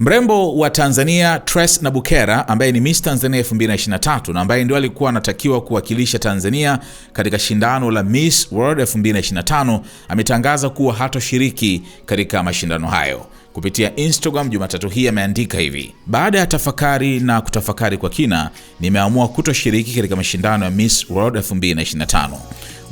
Mrembo wa Tanzania Trace Nabukera ambaye ni Miss Tanzania 2023 na ambaye ndio alikuwa anatakiwa kuwakilisha Tanzania katika shindano la Miss World 2025 ametangaza kuwa hatoshiriki katika mashindano hayo. Kupitia Instagram Jumatatu hii ameandika hivi: baada ya tafakari na kutafakari kwa kina, nimeamua kutoshiriki katika mashindano ya Miss World 2025.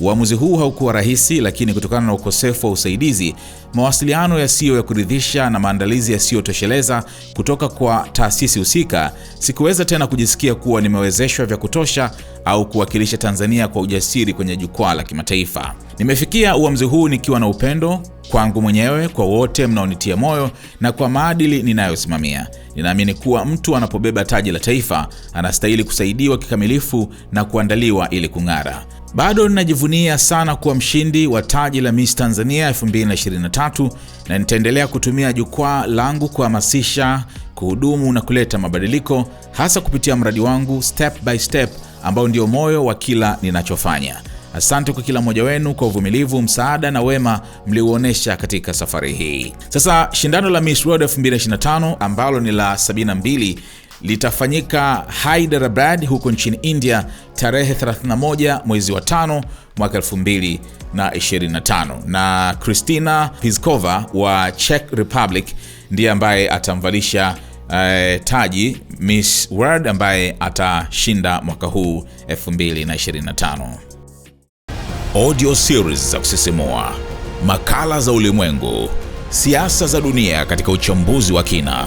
Uamuzi huu haukuwa rahisi, lakini kutokana na ukosefu wa usaidizi, mawasiliano yasiyo ya kuridhisha na maandalizi yasiyotosheleza kutoka kwa taasisi husika, sikuweza tena kujisikia kuwa nimewezeshwa vya kutosha au kuwakilisha Tanzania kwa ujasiri kwenye jukwaa la kimataifa. Nimefikia uamuzi huu nikiwa na upendo kwangu mwenyewe, kwa wote mnaonitia moyo na kwa maadili ninayosimamia. Ninaamini kuwa mtu anapobeba taji la taifa anastahili kusaidiwa kikamilifu na kuandaliwa ili kung'ara. Bado ninajivunia sana kuwa mshindi wa taji la Miss Tanzania 2023 na nitaendelea kutumia jukwaa langu kuhamasisha, kuhudumu na kuleta mabadiliko hasa kupitia mradi wangu Step by Step ambao ndio moyo wa kila ninachofanya. Asante kwa kila mmoja wenu kwa uvumilivu, msaada na wema mliuonyesha katika safari hii. Sasa shindano la Miss World 2025 ambalo ni la 72 litafanyika Hyderabad huko nchini India tarehe 31 mwezi wa tano mwaka 2025, na christina Pliskova wa Czech Republic ndiye ambaye atamvalisha Uh, taji Miss World ambaye atashinda mwaka huu 2025. Audio series za kusisimua, makala za ulimwengu, siasa za dunia katika uchambuzi wa kina